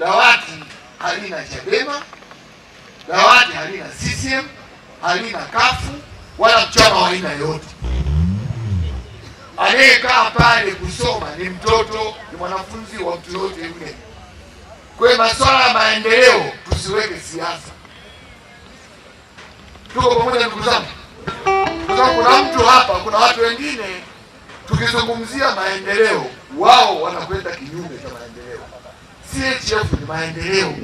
dawati halina Chadema, dawati halina CCM, halina kafu wala mchama wa aina yoyote. Anayekaa pale kusoma ni mtoto, ni mwanafunzi wa mtu yoyote yule. Kwa masuala ya maendeleo tusiweke siasa. Tuko pamoja ndugu zangu, kuna mtu hapa, kuna watu wengine tukizungumzia maendeleo wao wanakwenda kinyume cha maendeleo. CHF ni maendeleo.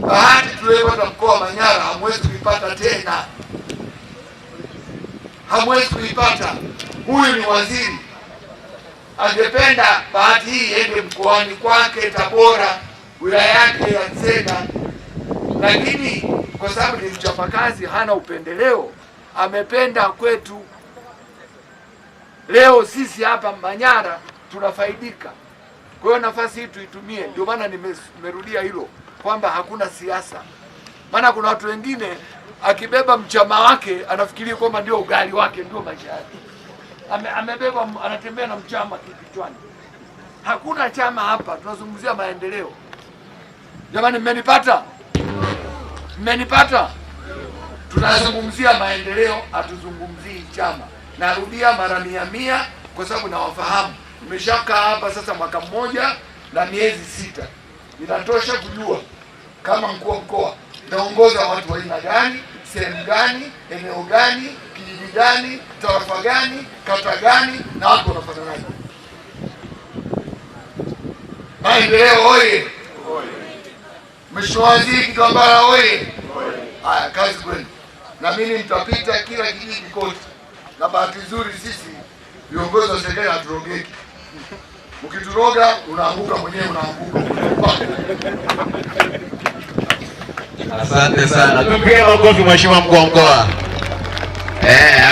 Bahati tuliyopata mkoa wa Manyara hamwezi kuipata tena, hamwezi kuipata. Huyu ni waziri angependa bahati hii ende mkoani kwake Tabora, wilaya yake ya Nzega, lakini kwa sababu ni mchapakazi, hana upendeleo, amependa kwetu. Leo sisi hapa Manyara tunafaidika. Kwa hiyo nafasi hii tuitumie, ndio maana nimerudia hilo kwamba hakuna siasa, maana kuna watu wengine akibeba mchama wake anafikiria kwamba ndio ugali wake, ndio maisha yake. Ame, amebeba anatembea na mchama kichwani. Hakuna chama hapa, tunazungumzia maendeleo. Jamani, mmenipata? Mmenipata? Tunazungumzia maendeleo, hatuzungumzii chama. Narudia mara mia mia, kwa sababu nawafahamu Mmeshakaa hapa sasa mwaka mmoja na miezi sita, inatosha kujua kama mkuu wa mkoa naongoza watu wa aina gani, sehemu gani, eneo gani, kijiji gani, tarafa gani, kata gani, na watu wanafananaje. Maendeleo oye! Mheshimiwa Waziri Kitambara oye! Haya, kazi kwenu, na mimi mtapita kila kijiji kote, na bahati nzuri sisi viongozi wa serikali haturogeki ukituroga unaanguka mwenyewe, unaanguka. Asante sana, tumpigie makofi mheshimiwa mkuu wa mkoa eh.